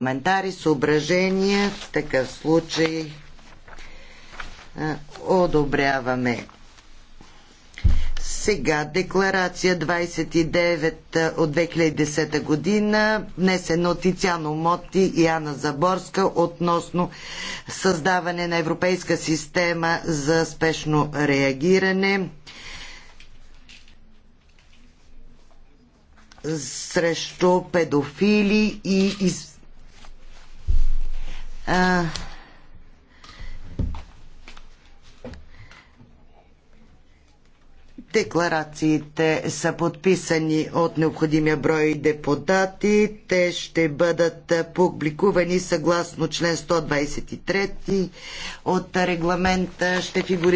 коментари, съображения. В такъв случай одобряваме. Сега декларация 29 от 2010 година, внесена от Тициано Моти и Ана Заборска относно създаване на Европейска система за спешно реагиране срещу педофили и из Декларациите са подписани от необходимия брой депутати. Те ще бъдат публикувани съгласно член 123 от регламента. Ще фигурират